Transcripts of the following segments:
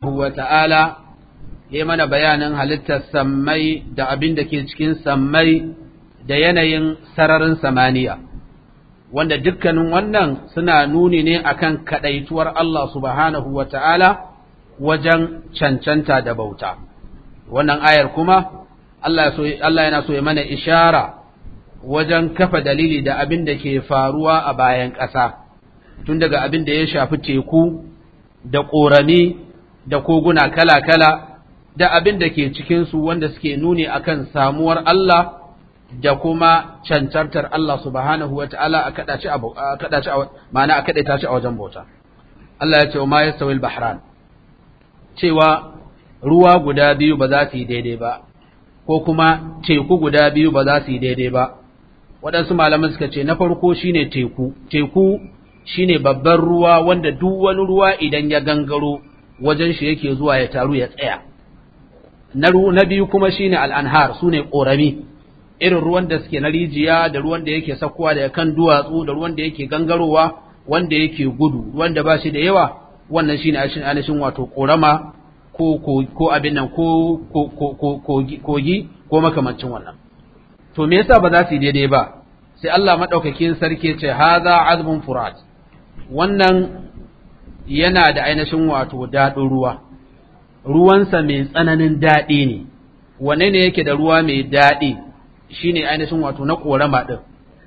wa ta'ala ya mana bayanin halittar sammai da abin da ke cikin sammai da yanayin sararin samaniya wanda dukkanin wannan suna nuni ne akan kadaituwar Allah subhanahu wa ta'ala wajen cancanta da bauta wannan ayar kuma Allah yana so ya mana ishara wajen kafa dalili da abin da ke faruwa a bayan ƙasa tun daga abin da ya shafi teku da ƙorami da koguna kala-kala da abin da ke cikinsu wanda suke nuni akan samuwar Allah da kuma cancantar Allah subhanahu wa ta'ala a kaɗaci a ma'ana a wajen bauta. Allah ya ce wa ma ya Bahran, cewa ruwa guda biyu ba za su yi daidai ba, ko kuma teku guda biyu ba za su yi daidai ba. Waɗansu malaman suka ce na farko shine teku, teku shine babban ruwa wanda duk wani ruwa idan ya gangaro wajen shi yake zuwa ya taru ya tsaya na biyu kuma shine al'anhar su ne ƙorami irin ruwan da suke na rijiya da ruwan da yake sakuwa da kan duwatsu da ruwan da yake gangarowa wanda yake gudu wanda ba shi da yawa wannan shine ainihin wato ƙorama ko abin nan ko kogi ko makamancin wannan to me yasa ba za su yi daidai ba sai Allah maɗaukakin sarki ce haza azbun furat wannan yana da ainihin wato daɗin ruwa ruwansa mai tsananin daɗi ne Wane ne yake da ruwa mai daɗi shine ainihin wato na korama ɗin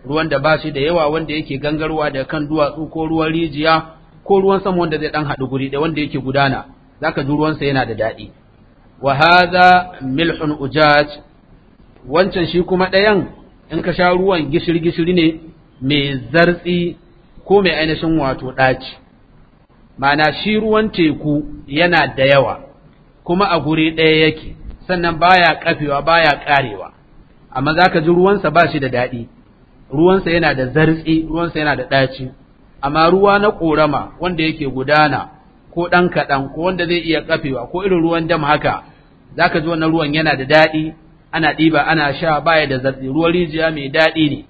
ruwan da ba shi da yawa wanda yake gangarwa da kan duwatsu ko ruwan rijiya ko ruwan sama wanda zai ɗan haɗu guri da wanda yake gudana Za ka ji ruwansa yana da daɗi wahaza milhun ujaj wancan shi kuma ɗayan in ka sha ruwan gishiri gishiri ne mai zartsi ko mai ainihin wato ɗaci Ma'ana shi ruwan teku yana da yawa kuma a guri ɗaya yake sannan baya kafewa baya karewa amma zaka ji ruwansa ba shi da daɗi ruwansa yana da zartsi ruwansa yana da ɗaci amma ruwa na ƙorama wanda yake gudana ko ɗan kaɗan ko wanda zai iya kafewa ko irin ruwan dam haka zaka ji wannan ruwan yana da daɗi ana ɗiba ana sha baya da zartsi ruwan rijiya mai daɗi ne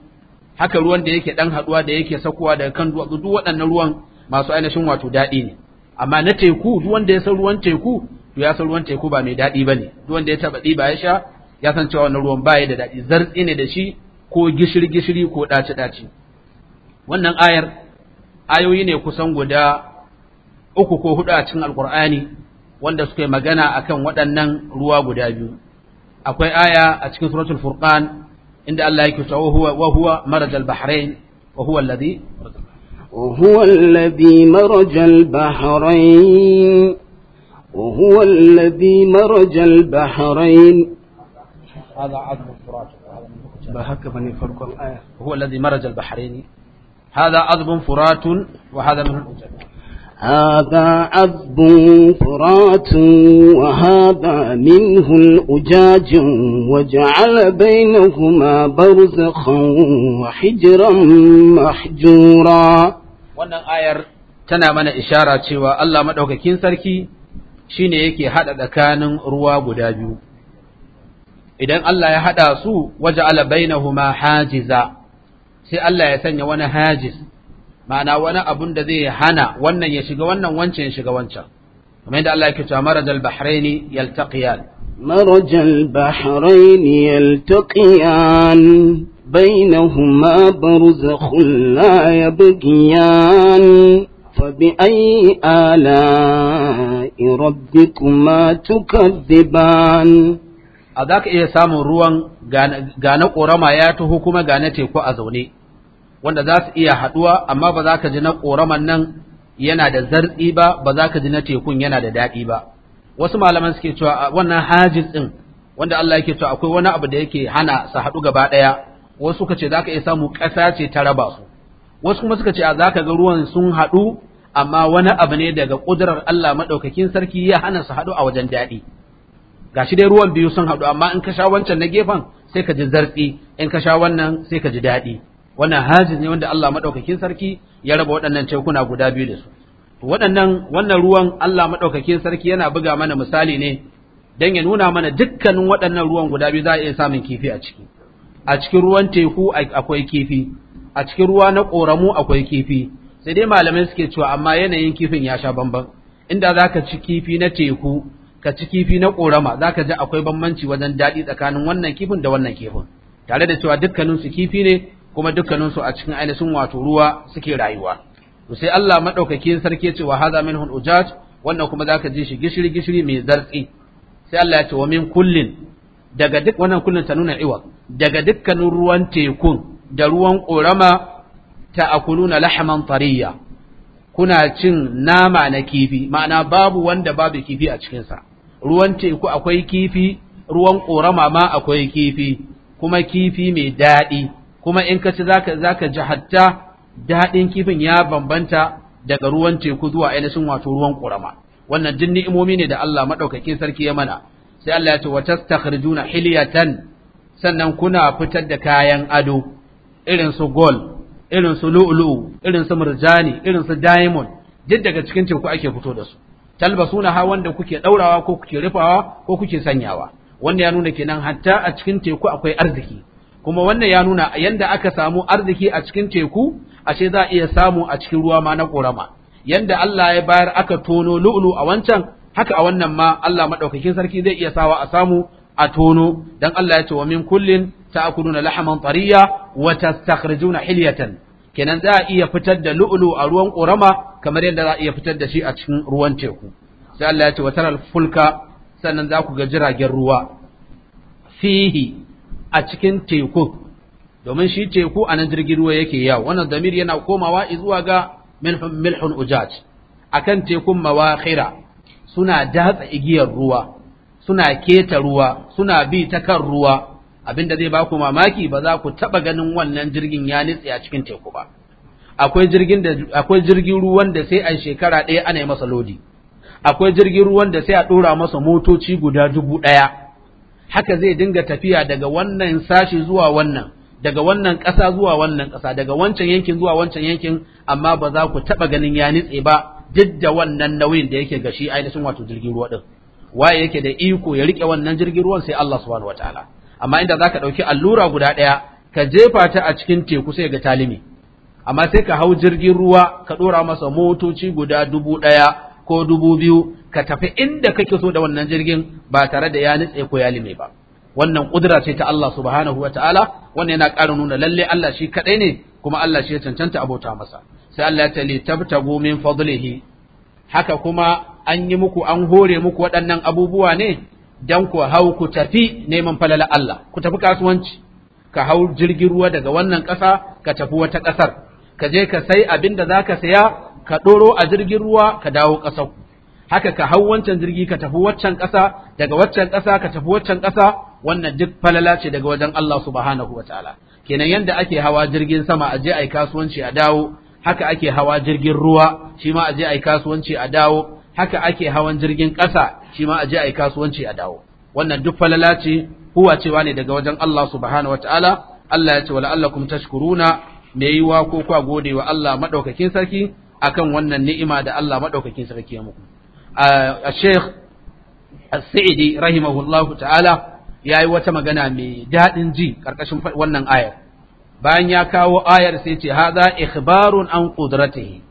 haka ruwan da yake ɗan haɗuwa da yake sakowa daga kan duwatsu duk waɗannan ruwan masu ainihin wato daɗi ne amma na teku duk wanda ya san ruwan teku to ya san ruwan teku ba mai daɗi ne duk wanda ya ɗi ɗiba ya sha ya san cewa wannan ruwan ba ya da daɗi zartsi ne da shi ko gishiri gishiri ko ɗaci ɗaci wannan ayar ayoyi ne kusan guda uku ko huɗu a cikin alkur'ani wanda suka yi magana akan waɗannan ruwa guda biyu akwai aya a cikin suratul furqan inda Allah yake cewa wa huwa marajal bahrain wa huwa alladhi وهو الذي مرج البحرين وهو الذي مرج البحرين هذا عظم فرات بهك بني فرق الآية هو الذي مرج البحرين هذا عذب فرات وهذا من هذا عذب فرات وهذا منه الأجاج وجعل بينهما برزخا وحجرا محجورا wannan ayar tana mana ishara cewa Allah maɗaukakin sarki shine yake haɗa tsakanin ruwa guda biyu idan Allah ya haɗa su waje bainahuma hajiza sai Allah ya sanya wani hajiz ma'ana wani abun da zai hana wannan ya shiga wannan wancan ya shiga wancan kamar yadda Allah yake cewa marajal bahrain yaltaqiyan marajal bahraini yaltaqiyan بينهما برزخ لا يبغيان فبأي آلاء ربكما تكذبان a za ka iya samun ruwan gane ƙorama ya taho kuma gane teku a zaune wanda za su iya haɗuwa amma ba za ka ji na ƙoraman nan yana da zartsi ba ba za ka ji na tekun yana da daɗi ba wasu malaman suke cewa wannan hajis ɗin wanda Allah yake cewa akwai wani abu da yake hana su haɗu gaba ɗaya wasu suka ce zaka iya samu ƙasa ce ta raba su wasu kuma suka ce a zaka ga ruwan sun haɗu amma wani abu ne daga ƙudurar Allah maɗaukakin sarki ya hana su haɗu a wajen daɗi gashi dai ruwan biyu sun haɗu amma in ka sha wancan na gefen sai ka ji zartsi in ka sha wannan sai ka ji daɗi wannan hajiz ne wanda Allah maɗaukakin sarki ya raba waɗannan tekuna guda biyu da su waɗannan wannan ruwan Allah maɗaukakin sarki yana buga mana misali ne don ya nuna mana dukkanin waɗannan ruwan guda biyu za a iya samun kifi a ciki a cikin ruwan teku akwai kifi a cikin ruwa na ƙoramu akwai kifi sai dai malamai suke cewa amma yanayin kifin ya sha bambam. inda za ka ci kifi na teku ka ci kifi na ƙorama za ka ji akwai bambanci wajen daɗi tsakanin wannan kifin da wannan kifin tare da cewa dukkaninsu kifi ne kuma dukkaninsu a cikin ainihin wato ruwa suke rayuwa to sai Allah madaukakin sarki ce wa hadha minhu ujaj wannan kuma zaka ji shi gishiri gishiri mai zartsi sai Allah ya ce wa min kullin daga duk wannan kullin ta nuna iwa daga dukkanin ruwan tekun da ruwan ƙorama ta na lahaman tariya kuna cin nama na kifi ma'ana babu wanda babu kifi a cikinsa ruwan teku akwai kifi ruwan ƙorama ma akwai kifi kuma kifi mai daɗi kuma in ka ci za ka ji hatta daɗin kifin ya bambanta daga ruwan teku zuwa ainihin wato ruwan ƙorama wannan jin ni'imomi ne da Allah maɗaukakin sarki ya mana sai Allah ya ce wa tastakhrijuna hilyatan sannan kuna fitar da kayan ado irin su gold irin su lu'lu'u irin su murjani irin su diamond duk daga cikin teku ake fito da su talbasuna ha wanda kuke daurawa ko kuke rufawa ko kuke sanyawa wanda ya nuna kenan hatta a cikin teku akwai arziki kuma wannan ya nuna yanda aka samu arziki a cikin teku ashe za a iya samu a cikin ruwa ma na korama yanda Allah ya bayar aka tono lu'lu a wancan haka a wannan ma Allah madaukakin sarki zai iya sawa a samu a tono dan Allah ya ce wa min kullin ta'kuluna lahaman tariya wa tastakhrijuna hilyatan kenan za a iya fitar da lu'ulu a ruwan ƙorama kamar yadda za a iya fitar da shi a cikin ruwan teku sai Allah ya ce taral fulka sannan za ku ga jiragen ruwa fihi a cikin teku domin shi teku a nan jirgin ruwa yake yawo wannan damir yana komawa zuwa ga milhun milhun ujaj akan tekun mawakhira suna datsa igiyar ruwa suna keta ruwa suna bi ta kan ruwa abinda zai baku mamaki ba za ku taba ganin wannan jirgin ya nitse a cikin teku ba akwai jirgin da akwai jirgin ruwan da sai a shekara ɗaya ana yi masa lodi akwai jirgin ruwan da sai a ɗora masa motoci guda dubu ɗaya haka zai dinga tafiya daga wannan sashi zuwa wannan daga wannan ƙasa zuwa wannan ƙasa daga wancan yankin zuwa wancan yankin amma ba za ku taɓa ganin ya nitse ba duk da wannan nauyin da yake gashi ainihin wato jirgin ruwa ɗin waye yake da iko ya rike wannan jirgin ruwan sai Allah subhanahu wataala amma inda zaka dauki allura guda daya ka jefa ta a cikin teku sai ga talimi amma sai ka hau jirgin ruwa ka dora masa motoci guda dubu daya ko dubu biyu ka tafi inda kake so da wannan jirgin ba tare da ya nitse ko ya lime ba wannan kudura ce ta Allah subhanahu wataala wannan yana ƙara nuna lalle Allah shi kadai ne kuma Allah shi ya cancanta abota masa sai Allah ya ce li tabtagu min fadlihi haka kuma an yi muku an hore muku waɗannan abubuwa ne don ku hau ku tafi neman falala Allah ku tafi kasuwanci ka hau jirgin ruwa daga wannan ƙasa ka tafi wata ƙasar ka je ka sai abin da za ka saya ka ɗoro a jirgin ruwa ka dawo ƙasar haka ka hau wancan jirgi ka tafi waccan ƙasa daga waccan ƙasa ka tafi waccan ƙasa wannan duk falala ce daga wajen Allah subhanahu ta'ala. kenan yadda ake hawa jirgin sama a je yi kasuwanci a dawo haka ake hawa jirgin ruwa shi ma a je yi kasuwanci a dawo haka ake hawan jirgin ƙasa shi ma a je a yi kasuwanci a dawo wannan duk falala ce huwa cewa ne daga wajen Allah subhanahu wataala Allah ya ce wala allakum tashkuruna me yiwa ko kwa gode wa Allah madaukakin sarki akan wannan ni'ima da Allah madaukakin sarki ya muku a Sheikh As-Sa'idi rahimahullahu ta'ala yayi wata magana mai dadin ji karkashin wannan ayar bayan ya kawo ayar sai ce hadha ikhbarun an qudratihi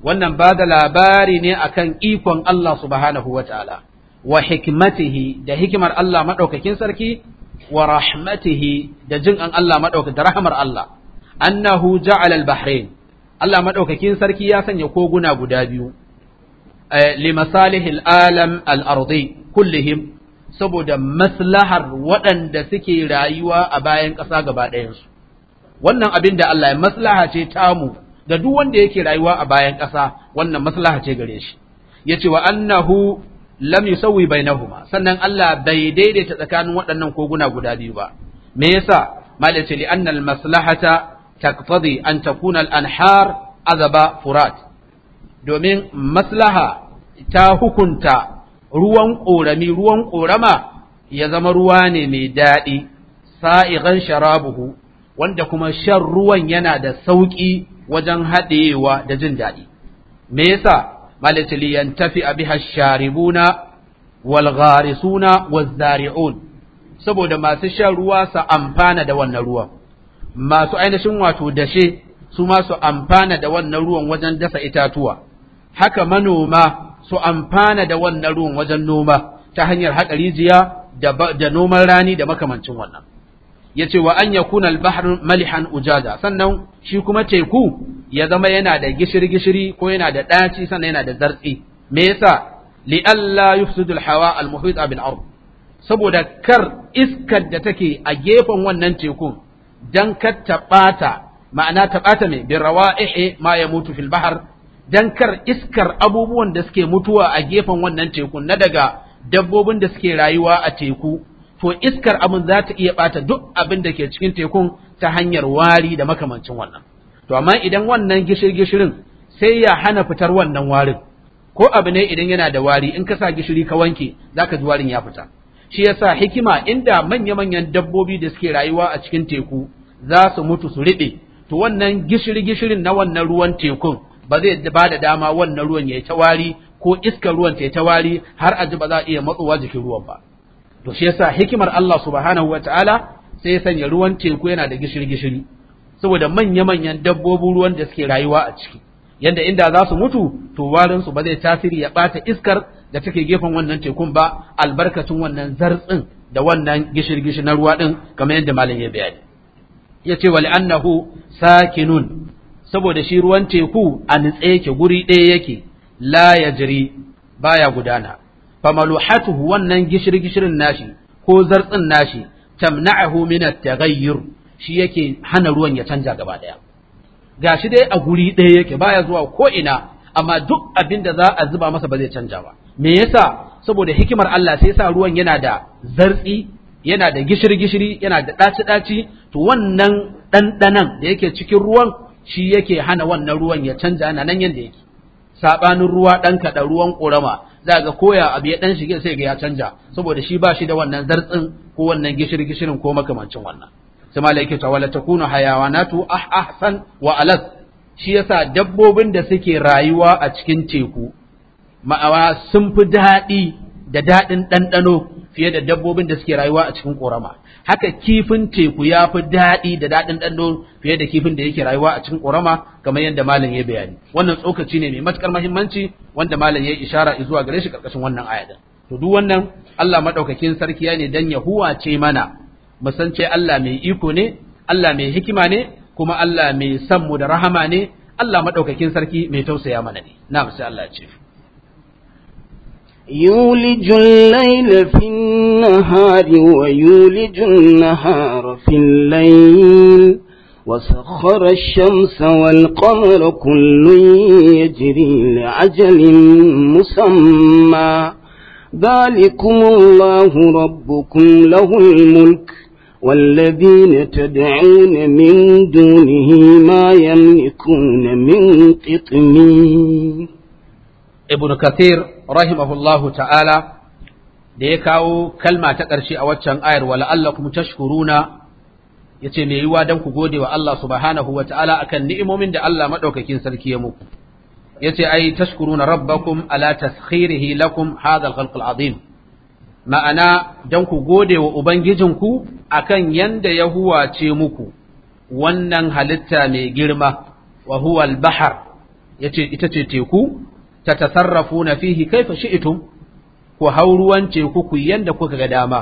wannan ba da labari ne akan ikon Allah subhanahu wa ta'ala wa hikimatihi da hikimar Allah maɗaukakin sarki wa rahmatihi da jin an Allah maɗaukakin da rahamar Allah annahu ja'ala al-bahrain Allah maɗaukakin sarki ya sanya koguna guda biyu eh, li masalihil alam al kullihim saboda maslahar waɗanda suke rayuwa a bayan ƙasa gaba ɗayansu wannan abin da Allah ya maslaha ce tamu da duk wanda yake rayuwa a bayan ƙasa wannan maslaha ce gare shi yace wa annahu lam yusawi bainahuma sannan Allah bai daidaita tsakanin waɗannan koguna guda biyu ba me yasa ce li al maslahata taqtadi an takuna al anhar azaba furat domin maslaha ta hukunta ruwan ƙorami ruwan ƙorama ya zama ruwa ne mai daɗi sa'igan sharabuhu wanda kuma shan ruwan yana da sauƙi wajen haɗewa da jin daɗi me yasa malati tafi a biha sharibuna wal gharisuna zari'un saboda masu shan ruwa su amfana da wannan ruwan masu ainihin wato dashe su ma su amfana da wannan ruwan wajen dasa itatuwa haka manoma su amfana da wannan ruwan wajen noma ta hanyar haƙa jiya da noman rani da makamancin wannan Ya ce wa an ya al albaharin malihan ujada sannan shi kuma teku ya zama yana da gishiri gishiri ko yana da ɗaci sannan yana da zartsi me yasa li alla yufsidu hawa al-muhit ard saboda kar iskar da take a gefen wannan teku, dan kar ta bata ma'ana ta bata me bi rawa'ihi ma yamutu fil bahr dan kar iskar abubuwan da suke mutuwa a gefen wannan teku, na daga dabbobin da suke rayuwa a teku to iskar abin za ta iya bata duk abin da ke cikin tekun ta hanyar wari da makamancin wannan to amma idan wannan gishir gishirin sai ya hana fitar wannan warin ko abu ne idan yana da wari in ka sa gishiri ka wanke zaka ji warin ya fita shi yasa hikima inda manya manyan dabbobi da suke rayuwa a cikin teku za su mutu su riɓe to wannan gishiri gishirin na wannan ruwan tekun ba zai ba da dama wannan ruwan ya yi ta wari ko iskar ruwan ta yi ta wari har a ji ba za a iya matsowa jikin ruwan ba to shi yasa hikimar Allah subhanahu wataala sai ya sanya ruwan teku yana da gishiri gishiri saboda manya manyan dabbobin ruwan da suke rayuwa a ciki yanda inda za su mutu to warin su ba zai tasiri ya bata iskar da take gefen wannan tekun ba albarkatun wannan zartsin da wannan gishiri-gishiri na ruwa din kamar yadda malam ya bayani yace wal annahu sakinun saboda shi ruwan teku a nitse yake guri ɗaya yake la yajri baya gudana famaluhatuhu wannan gishiri-gishiri gishirin nashi ko zartsin nashi tamna'ahu min at-taghayyur shi yake hana ruwan ya canja gaba daya gashi dai a guri ɗaya yake baya zuwa ko ina amma duk abin da za a zuba masa ba zai canja ba me yasa saboda hikimar Allah sai yasa ruwan yana da zartsi yana da gishiri gishiri yana da ɗaci ɗaci to wannan ɗanɗanan da yake cikin ruwan shi yake hana wannan ruwan ya canja na nan yanda yake sabanin ruwa ɗan kaɗa ruwan ƙorama za ga koya abu ya ɗan shige sai ga ya canja saboda shi ba shi da wannan zartsin ko wannan gishiri gishirin ko makamancin wannan sai malai yake cewa takunu hayawanatu ah ahsan wa alas shi yasa dabbobin da suke rayuwa a cikin teku ma'awa sun fi daɗi da daɗin ɗanɗano fiye da dabbobin da suke rayuwa a cikin ƙorama haka kifin teku ya fi daɗi da daɗin ɗanɗo fiye da kifin da yake rayuwa a cikin ƙorama kamar yadda malam ya bayani wannan tsokaci ne mai matuƙar mahimmanci wanda malam ya ishara zuwa gare shi ƙarƙashin wannan aya to duk wannan Allah madaukakin sarki ya ne dan ya huwace mana mu san ce Allah mai iko ne Allah mai hikima ne kuma Allah mai san mu da rahama ne Allah madaukakin sarki mai tausaya mana ne na sai Allah ce يولج الليل في النهار ويولج النهار في الليل وسخر الشمس والقمر كل يجري لعجل مسمى ذلكم الله ربكم له الملك والذين تدعون من دونه ما يملكون من قطمين ابن كثير rahimahullahu ta'ala da ya kawo kalma ta ƙarshe a waccan ayar wa la'allakum tashkuruna yace me yiwa dan ku gode wa Allah subhanahu wa ta'ala akan ni'imomin da Allah madaukakin sarki ya muku yace ai tashkuruna rabbakum ala taskhirihi lakum hadha al azim ma'ana dan ku gode wa ubangijinku akan yanda ya huwace muku wannan halitta mai girma wa huwa al-bahr yace ita ce teku tatasarrafuna fihi kaifa itum. ku hau ruwan teku ku yanda kuka ga dama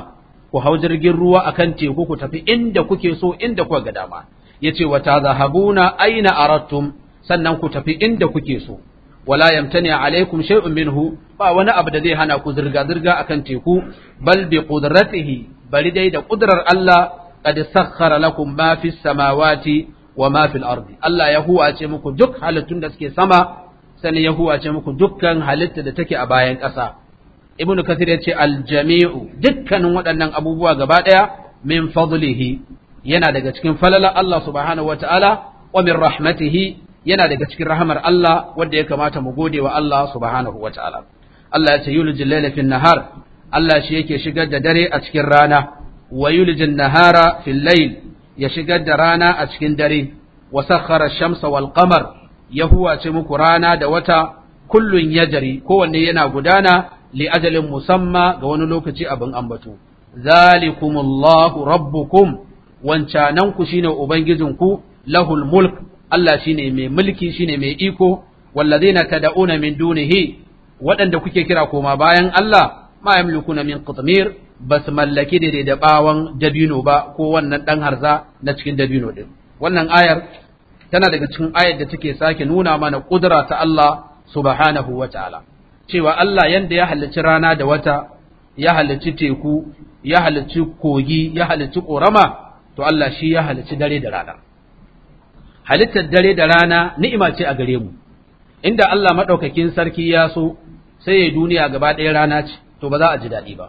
ku hau jirgin ruwa akan teku ku tafi inda kuke so inda kuka ga dama yace wa na aina aradtum sannan ku tafi inda kuke so wala yamtani alaikum shay'un minhu ba wani abu da zai hana ku zirga zirga akan teku bal bi qudratihi bari dai da qudrar Allah qad sakhkhara lakum ma fis samawati wa ma fil ardi Allah ya huwace muku duk halittun da suke sama Sani ya huwace muku dukkan halitta da take a bayan ƙasa ibnu kathir ce aljami'u dukkanin waɗannan abubuwa gaba ɗaya min fadlihi yana daga cikin falala Allah subhanahu wataala wa min rahmatihi yana daga cikin rahamar Allah wanda ya kamata mu gode wa Allah subhanahu wataala Allah ya ce yulijil layla fin nahar Allah shi yake shigar da dare a cikin rana wa yulijin nahara fil layl ya shigar da rana a cikin dare wa sakhara shamsa wal qamar ya huwace muku rana da wata kullun ya jari kowanne yana gudana li ajalin musamma ga wani lokaci abin ambato zalikumullahu rabbukum wancananku shine ubangijinku lahul mulk Allah ne mai mulki shine mai iko wallazina tad'una min dunihi waɗanda kuke kira koma bayan Allah ma yamlikuna min ba su mallaki da da dabino ba ko wannan ɗan harza na cikin dabino ɗin, wannan ayar tana daga cikin ayar da take sake nuna mana kudura ta Allah subhanahu wa ta'ala cewa Allah yanda ya halicci rana da wata ya halicci teku ya halicci kogi ya halicci korama to Allah shi ya halicci dare da rana halittar dare da rana ni'ima ce a gare mu inda Allah maɗaukakin sarki ya so sai ya duniya gaba ɗaya rana ce to ba za a ji daɗi ba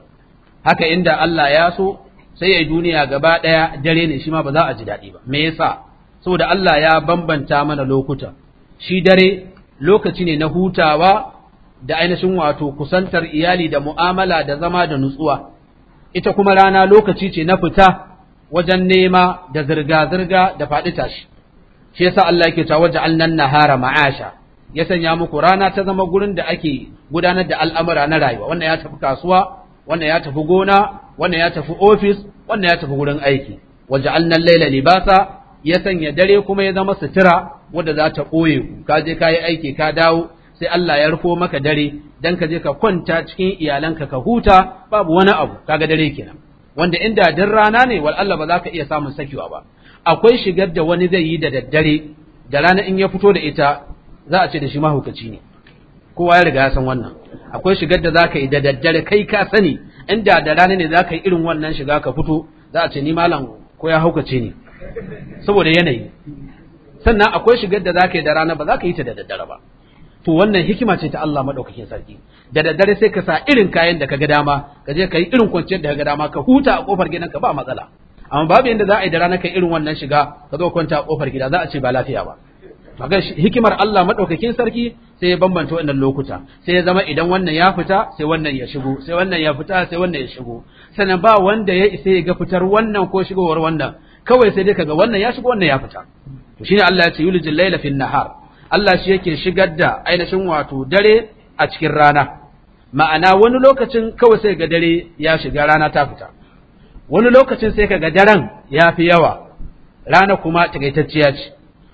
haka inda Allah ya so sai ya duniya gaba ɗaya dare ne shi ma ba za a ji daɗi ba me yasa saboda Allah ya bambanta mana lokuta shi dare lokaci ne na hutawa da ainihin wato kusantar iyali da mu'amala da zama da nutsuwa ita kuma rana lokaci ce na fita wajen nema da zirga-zirga da faɗi tashi shi yasa Allah yake ta waje allan nahara ma'asha ya sanya muku rana ta zama gurin da ake gudanar da al'amura na rayuwa wannan ya tafi kasuwa wannan ya tafi gona wannan ya tafi ofis wannan ya tafi gurin aiki waje allan laila libasa ya sanya dare kuma ya zama sutura wadda za ta ɓoye ku ka je ka yi aiki ka dawo sai Allah ya rufo maka dare dan ka je ka kwanta cikin iyalanka ka huta babu wani abu kaga dare kenan wanda inda din rana ne wal Allah ba za ka iya samun sakewa ba akwai shigar da wani zai yi da daddare da rana in ya fito da ita za a ce da shi mahaukaci ne kowa ya riga ya san wannan akwai shigar da za ka yi da daddare kai ka sani inda da rana ne za ka yi irin wannan shiga ka fito za a ce ni malam ko ya haukace ne saboda yanayi sannan akwai shigar da zaka yi da rana ba za ka yi ta da daddare ba to wannan hikima ce ta Allah madaukakin sarki da daddare sai ka sa irin kayan da ka ga dama ka je ka yi irin kwanciyar da ka ga dama ka huta a kofar gidan ka ba matsala amma babu yadda za a yi da rana kai irin wannan shiga ka zo kwanta a kofar gida za a ce ba lafiya ba magan hikimar Allah madaukakin sarki sai ya bambanta wannan lokuta sai ya zama idan wannan ya fita sai wannan ya shigo sai wannan ya fita sai wannan ya shigo sannan ba wanda ya isa ya ga fitar wannan ko shigowar wannan kawai sai dai kaga wannan ya shigo wannan ya fita to shine Allah ya ce yulijil layla fil nahar Allah shi yake shigar da ainihin wato dare a cikin rana ma'ana wani lokacin kawai sai ga dare ya shiga rana ta fita wani lokacin sai kaga daren ya fi yawa rana kuma takaitacciya ce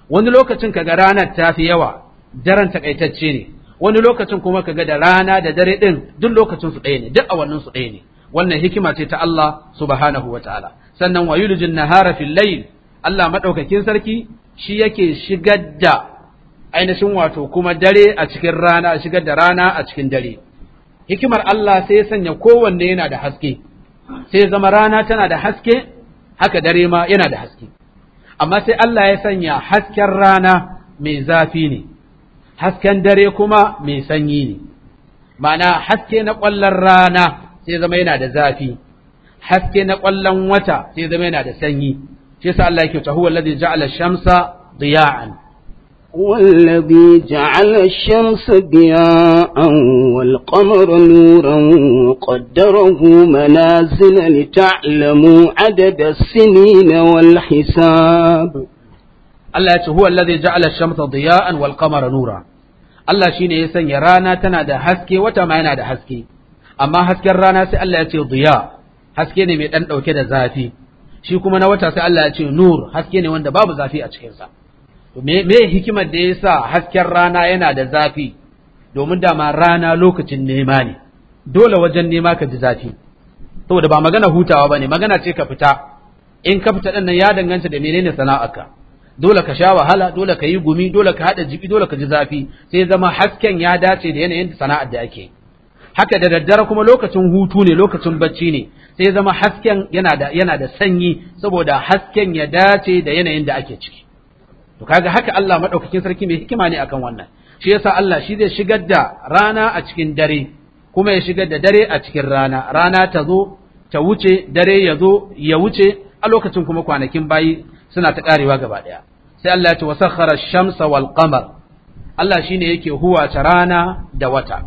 wani lokacin kaga rana ta fi yawa daren takaitacce ne wani lokacin kuma kaga da rana da dare din duk lokacin su ɗaya ne duk wannan su ɗaya ne wannan hikima ce ta Allah subhanahu wa ta'ala sannan wa yulijin nahara fil layl Allah madaukakin sarki shi yake shigar da ainihin wato kuma dare a cikin rana a shigar da rana a cikin dare hikimar Allah sai ya sanya kowanne yana da haske sai zama rana tana da haske haka dare ma yana da haske amma sai Allah ya sanya hasken rana mai zafi ne hasken dare kuma mai sanyi ne ma'ana haske na ƙwallon rana sai zama yana da zafi haske na ƙwallon wata sai zama yana da sanyi shi yasa Allah yake tahuwa alladhi ja'ala shamsa diya'an والذي جعل الشمس ضياء والقمر نورا وقدره منازل لتعلموا عدد السنين والحساب Allah ya ce huwa allazi ja'ala ash-shamsa diya'an wal qamara nura Allah shine ya sanya rana tana da haske wata ma yana da haske amma hasken rana sai Allah ya ce duya haske ne mai ɗan ɗauke da zafi shi kuma na wata sai Allah ya ce nur haske ne wanda babu zafi a cikinsa. sa me me hikimar da yasa hasken rana yana da zafi domin da rana lokacin nema ne dole wajen nema ka ji zafi saboda ba magana hutawa ba bane magana ce ka fita in ka fita nan ya danganta da menene sana'arka dole ka sha wahala dole ka yi gumi dole ka haɗa jibi dole ka ji zafi sai zama hasken ya dace da yanayin sana'ar da ake haka da daddare kuma lokacin hutu ne lokacin bacci ne sai zama hasken yana da yana da sanyi saboda hasken ya dace da yanayin da ake ciki to kaga haka Allah madaukakin sarki mai hikima ne akan wannan shi yasa Allah shi zai shigar da rana a cikin dare kuma ya shigar da dare a cikin rana rana ta zo ta wuce dare ya zo ya wuce a lokacin kuma kwanakin bayi suna ta karewa gaba daya sai Allah ya ce wasakhara shamsa wal qamar Allah shine yake huwace rana da wata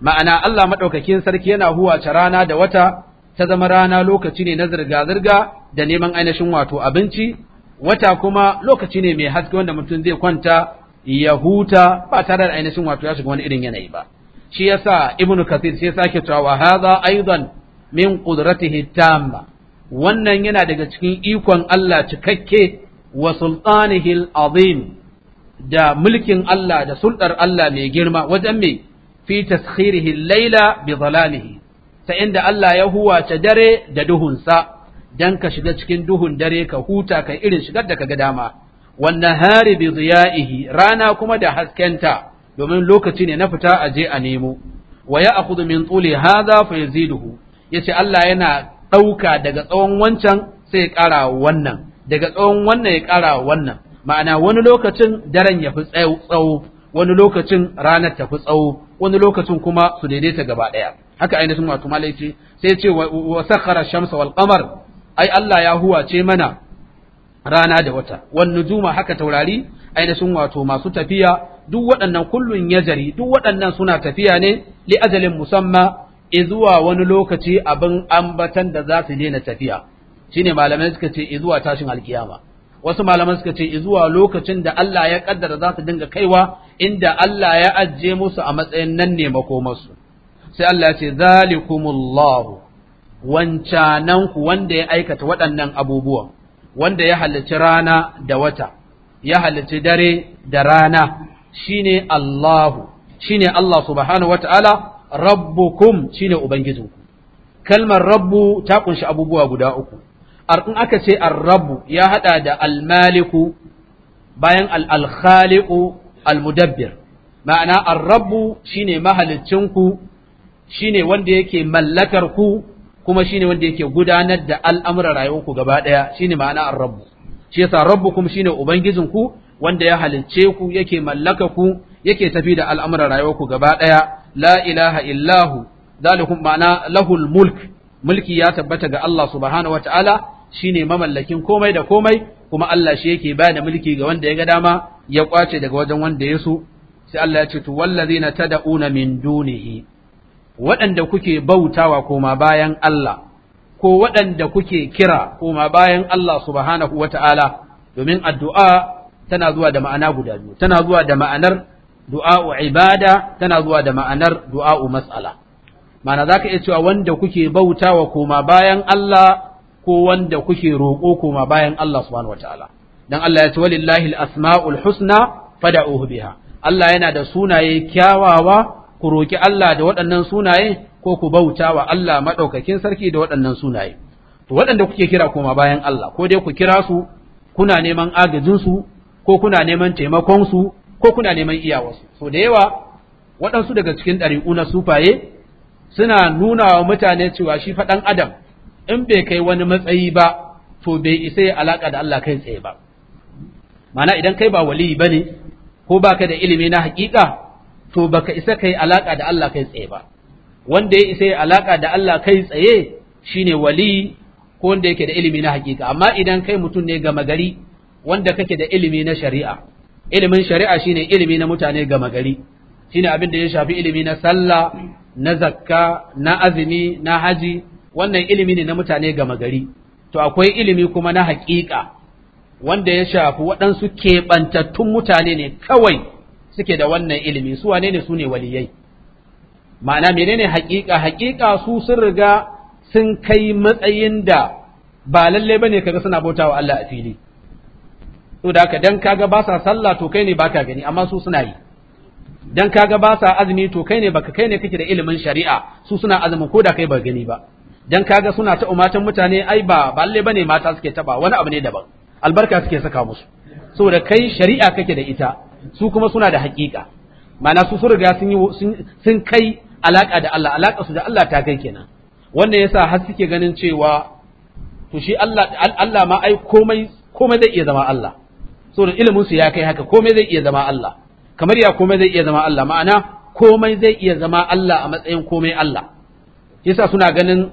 ma'ana Allah maɗaukakin sarki yana huwace rana da wata ta zama rana lokaci ne na zirga-zirga da neman ainihin wato abinci wata kuma lokaci ne mai haske wanda mutum zai kwanta ya huta ba tare da ainihin wato ya shiga wani irin yanayi ba shi yasa ibnu kathir sai sake cewa wa hadha aidan min qudratihi tamma wannan yana daga cikin ikon Allah cikakke wa sultanihi azim da mulkin Allah da sulɗar Allah mai girma wajen mai fi taskhirihi laila bi zalalihi ta inda Allah ya huwace dare da duhunsa dan ka shiga cikin duhun dare ka huta kai irin shigar da kaga dama wan nahari bi ziya'ihi rana kuma da haskenta domin lokaci ne na fita a je a nemo wa ya'khudhu min tuli hadha fa yaziduhu yace Allah yana dauka daga tsawon wancan sai ya kara wannan daga tsawon wannan ya kara wannan ma'ana wani lokacin daren ya fi tsawo wani lokacin ranar tafi tsawo wani lokacin kuma su daidaita gaba ɗaya haka ainihin wato malai sai ce wa sakhara shamsa wal qamar ai Allah ya huwace mana rana da wata wan nujuma haka taurari ainihin wato masu tafiya duk waɗannan kullun jari, duk waɗannan suna tafiya ne li ajalin musamma zuwa wani lokaci abin ambatan da za su daina tafiya shine malamai suka ce zuwa tashin alkiyama wasu malaman suka ce zuwa lokacin da Allah ya kaddara za su dinga kaiwa inda Allah ya ajiye musu a matsayin nan ne makomarsu sai Allah ya ce zalikumullahu wancanan ku wanda ya aikata waɗannan abubuwan wanda ya halarci rana da wata ya halarci dare da rana shine Allahu shine Allah subhanahu wataala rabbukum shine ubangijinku kalmar rabbu ta kunshi abubuwa guda uku in aka ce ar ya haɗa da almaliku bayan al-khaliqu al-mudabbir ma'ana ar-rabbu shine mahalicin ku shine wanda yake mallakar ku kuma shine wanda yake gudanar da al'amuran rayuwarku ku gaba shi shine ma'ana ar-rabbu shi yasa kuma shine ubangijin ku wanda ya halicce ku yake mallaka ku yake tafi da al'amuran rayuwarku ku gaba daya la ilaha illahu zalikum ma'ana lahul mulk mulki ya tabbata ga Allah subhanahu wataala shine mamallakin komai da komai kuma Allah shi yake ba da mulki ga wanda ya ga dama ya kwace daga wajen wanda ya so sai Allah ya ce to wallazina tad'una min dunihi waɗanda kuke bautawa koma bayan Allah ko waɗanda kuke kira koma bayan Allah subhanahu wata'ala domin addu'a tana zuwa da ma'ana guda biyu tana zuwa da ma'anar du'a'u ibada tana zuwa da ma'anar du'a'u mas'ala ma'ana zaka iya cewa wanda kuke bautawa koma bayan Allah ko wanda kuke roƙo koma bayan Allah subhanahu wataala dan Allah ya ce walillahi al-asma'ul husna fad'uhu biha Allah yana da sunaye kyawawa ku roki Allah da waɗannan sunaye ko ku bauta wa Allah madaukakin sarki da waɗannan sunaye to waɗanda kuke kira koma bayan Allah ko dai ku kira su kuna neman agajin su ko kuna neman taimakon su ko kuna neman iyawarsu so da yawa waɗansu daga cikin ɗari'u na sufaye suna nuna wa mutane cewa shi faɗan adam in bai kai wani matsayi ba to bai isa ya alaka da Allah kai tsaye ba mana idan kai ba waliyi bane ko baka da ilimi na hakika to baka isa kai alaka da Allah kai tsaye ba wanda ya isa ya alaka da Allah kai tsaye shine wali ko wanda yake da ilimi na hakika amma idan kai mutum ne gama gari wanda kake da ilimi na shari'a ilimin shari'a shine ilimi na mutane gama gari shine abin da ya shafi ilimi na sallah na zakka na azumi na haji wannan ilimi ne na mutane gama gari to akwai ilimi kuma na haƙiƙa wanda ya shafi waɗansu keɓantattun mutane ne kawai suke da wannan ilimi su wane ne su ne waliyai ma'ana menene haƙiƙa haƙiƙa su sun riga sun kai matsayin da ba lalle ne kaga suna bautawa Allah a fili to da haka dan kaga ba sa sallah to kai ne baka gani amma su suna yi dan kaga ba sa azumi to kai ne baka kai ne kake da ilimin shari'a su suna azumin ko da kai ba gani ba dan kaga suna ta matan mutane ai ba ba lalle bane mata suke taɓa wani abu ne daban albarka suke saka musu saboda kai shari'a kake da ita su kuma suna da haƙiƙa ma'ana su sun riga sun yi sun kai alaka da Allah alaka su da Allah ta kai kenan wannan yasa har suke ganin cewa to shi Allah Allah ma ai komai komai zai iya zama Allah saboda ilimin su ya kai haka komai zai iya zama Allah kamar ya komai zai iya zama Allah ma'ana komai zai iya zama Allah a matsayin komai Allah yasa suna ganin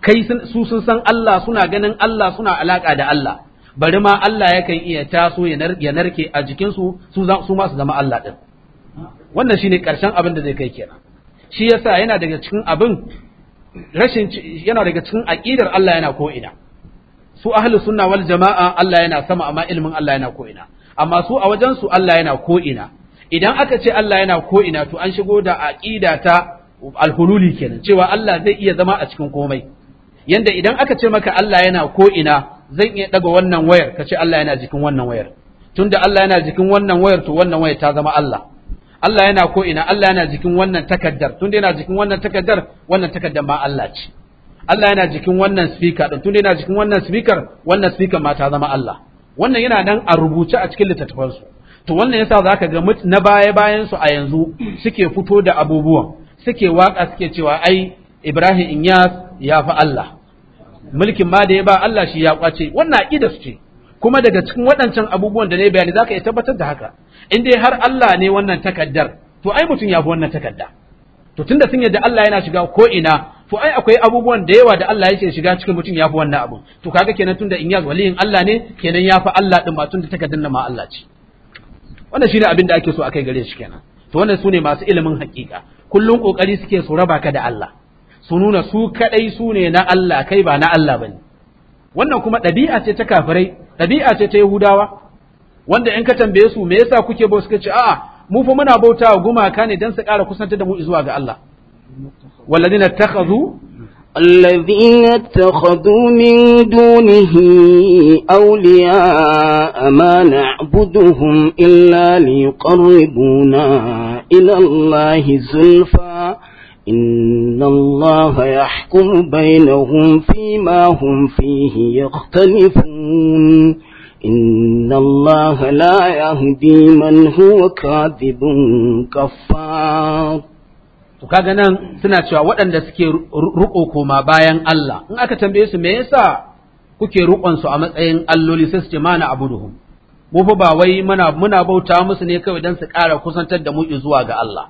kai su sun san Allah suna ganin Allah suna alaka da Allah bari ma Allah yakan iya taso ya narke a jikinsu su su ma su zama Allah din wannan shine karshen abin da zai kai kenan shi yasa yana daga cikin abin rashin yana daga cikin aqidar Allah yana ko ina su ahlus sunna wal jama'a Allah yana sama amma ilmin Allah yana ko ina amma su a wajen su Allah yana ko ina idan aka ce Allah yana ko ina to an shigo da aqida ta alhululi kenan cewa Allah zai iya zama a cikin komai yanda idan aka ce maka Allah yana ko ina zan iya daga wannan wayar ka ce Allah yana jikin wannan wayar tunda Allah yana jikin wannan wayar to wannan wayar ta zama Allah Allah yana ko ina Allah yana jikin wannan takaddar tunda yana jikin wannan takaddar wannan takaddar ma Allah ce Allah yana jikin wannan speaker din tunda yana jikin wannan speaker wannan speaker ma ta zama Allah wannan yana nan a rubuce a cikin littattafansu to wannan yasa zaka ga na baya bayan su a yanzu suke fito da abubuwan suke waka suke cewa ai Ibrahim Inyas ya fi Allah mulkin ma da ya ba Allah shi ya kwace wannan aqida ce kuma daga cikin waɗancan abubuwan da ne bayani zaka iya tabbatar da haka in dai har Allah ne wannan takaddar to ai mutum ya fi wannan takadda to tunda sun yadda Allah yana shiga ko ina to ai akwai abubuwan da yawa da Allah yake shiga cikin mutum ya fi wannan abu to kaga kenan tunda Inyas waliyin Allah ne kenan ya fi Allah din ba tunda takaddar ma Allah ce wannan shine abin da ake so akai gare shi kenan to wannan sune masu ilimin hakika kullum kokari suke su raba ka da Allah su nuna su kadai su ne na Allah kai ba na Allah bane wannan kuma ɗabi'a ce ta kafirai ɗabi'a ce ta Yahudawa wanda in ka tambaye su me yasa kuke ba suka ce a'a mu fa muna bautawa gumaka ne dan su ƙara kusanta da mu zuwa ga Allah walladina takhazu الذين اتخذوا من دونه أولياء ما نعبدهم إلا ليقربونا إلى الله زلفا إن الله يحكم بينهم فيما هم فيه يختلفون إن الله لا يهدي من هو كاذب كفار to kaga nan suna cewa waɗanda suke ruko koma bayan Allah in aka tambaye su me yasa kuke rukon su a matsayin alloli sai su ce mana abuduhum mu fa ba wai muna muna bauta musu ne kawai dan su ƙara kusantar da mu zuwa ga Allah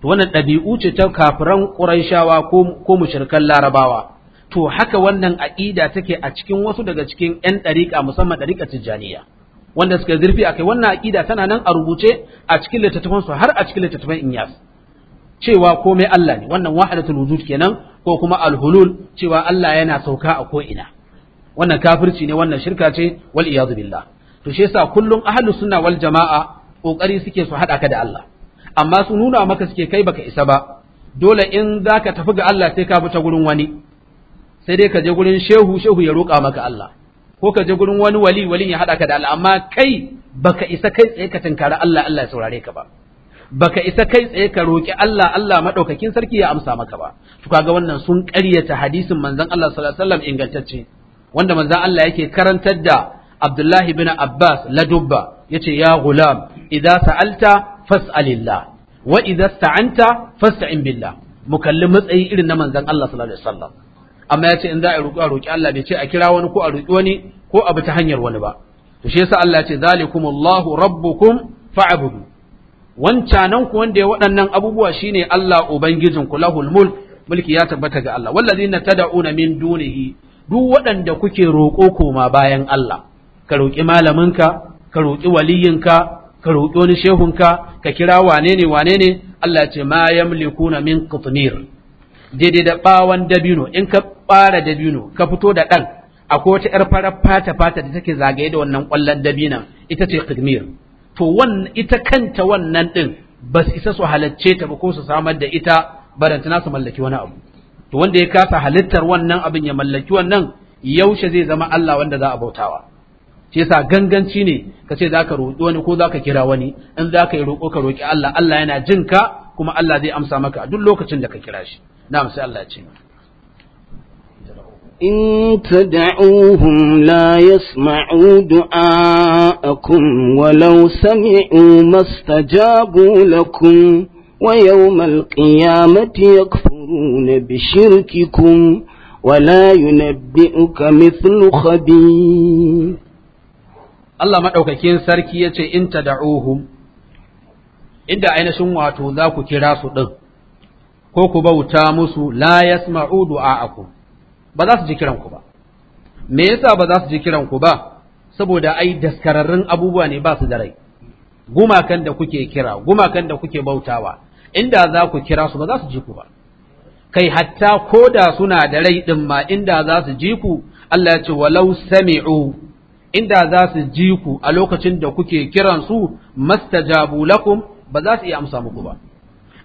to wannan ɗabi'u ce ta kafiran Qurayshawa ko ko mushrikan Larabawa to haka wannan aqida take a cikin wasu daga cikin ƴan ɗariƙa musamman ɗariƙa Tijjaniya wanda suka zurfi akai wannan aqida tana nan a rubuce a cikin littattafan su har a cikin littattafan Inyas cewa komai Allah ne wannan wahdatul wujud kenan ko kuma alhulul cewa Allah yana sauka a ko ina wannan kafirci ne wannan shirka ce wal iyad billah to shi yasa kullum ahlus sunna wal jamaa kokari suke su hada ka da Allah amma su nuna maka suke kai baka isa ba dole in zaka tafi ga Allah sai ka bi ta gurin wani sai dai ka je gurin shehu shehu ya roƙa maka Allah ko ka je gurin wani wali walin ya hada ka da Allah amma kai baka isa kai tsaye ka tinkari Allah Allah ya saurare ka ba baka isa kai tsaye ka roki Allah Allah madaukakin sarki ya amsa maka ba to kaga wannan sun ƙaryata hadisin manzon Allah sallallahu alaihi wasallam ingantacce wanda manzon Allah yake karantar da Abdullahi bin Abbas ladubba yace ya gulam idza sa'alta fas'alillah wa idza sta'anta fasta'in billah mu kalli matsayi irin na manzon Allah sallallahu alaihi wasallam amma yace in za a roki a Allah bai ce a kira wani ko a roki wani ko a bi ta hanyar wani ba to shi yasa Allah ya ce zalikumullahu rabbukum fa'budu wancanan ku wanda ya waɗannan abubuwa shine Allah ubangijin ku lahul mulk mulki ya tabbata ga Allah ta tad'una min dunihi duk waɗanda kuke roƙo koma bayan Allah ka roƙi malaminka ka roƙi waliyinka ka roƙi wani shehunka ka kira wane ne wane ne Allah ce ma yamlikuna min qutmir daidai da bawan dabino in ka ɓara dabino ka fito da ɗan akwai wata ‘yar farar fata fata da take zagaye da wannan ƙwallon dabinan ita ce qutmir to wannan ita kanta wannan ɗin, ba su isa su halacce ta ba ko su samar da ita barantana su mallaki wani abu to wanda ya kasa halittar wannan abin ya mallaki wannan yaushe zai zama Allah wanda za a bautawa shi yasa ganganci ne ka ce zaka roƙi wani ko zaka kira wani in zaka yi roko ka roƙi Allah Allah yana jinka kuma Allah zai amsa maka a duk lokacin da ka kira shi na sai Allah ya ce إن تدعوهم لا يسمعوا دعاءكم ولو سمعوا ما استجابوا لكم ويوم القيامة يكفرون بشرككم ولا ينبئك مثل خبير Allah maɗaukakin sarki ya ce in ta da'uhum inda ainihin wato za ku kira su ɗin ko ku bauta musu la yasma'u du'a'akum ba za su ji kiran ba me yasa ba za su ji kiranku ba saboda ai daskararrun abubuwa ne ba su da rai gumakan da kuke kira gumakan da kuke bautawa inda za ku kira su ba za su ji ku ba kai hatta ko da suna da rai din ma inda za su ji ku Allah ya ce walau sami'u inda za su ji ku a lokacin da kuke kiran su mastajabu lakum ba za su iya amsa muku ba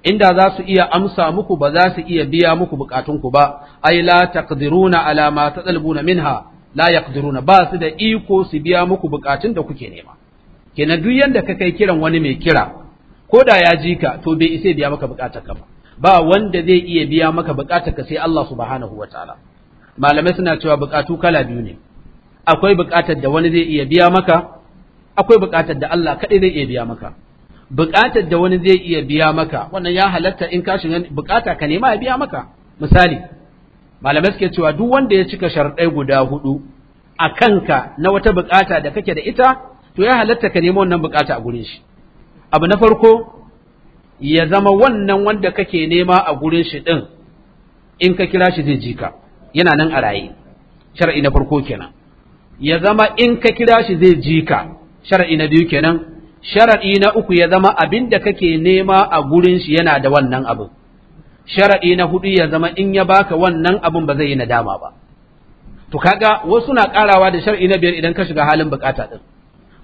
inda za su iya amsa muku ba za su iya biya muku bukatunku ba ai la taqdiruna ala ma tadalbuna minha la yaqdiruna ba su da iko su biya muku bukatun da kuke nema kenan duk yanda ka kai kiran wani mai kira ko da ya ji ka to bai isa biya maka bukatar ka ba ba wanda zai iya biya maka bukatar ka sai Allah subhanahu wataala malamai suna cewa bukatu kala biyu ne akwai bukatar da wani zai iya biya maka akwai bukatar da Allah kaɗai zai iya biya maka buƙatar da wani zai iya biya maka wannan ya halatta in ka shiga buƙata ka nema ya biya maka misali malamai suke cewa duk wanda ya cika sharɗai guda hudu a kanka na wata buƙata da kake da ita to ya halatta ka nema wannan buƙata a gurin shi abu na farko ya zama wannan wanda kake nema a gurin shi ɗin in ka kira shi zai ji yana nan a raye shar'i na farko kenan ya zama in ka kira shi zai ji ka shar'i na biyu kenan sharaɗi na uku ya zama abin da kake nema a gurin shi yana da wannan abin sharaɗi na hudu ya zama in ya baka wannan abin ba zai yi nadama ba to kaga wasu na karawa da sharaɗi na biyar idan ka shiga halin bukata din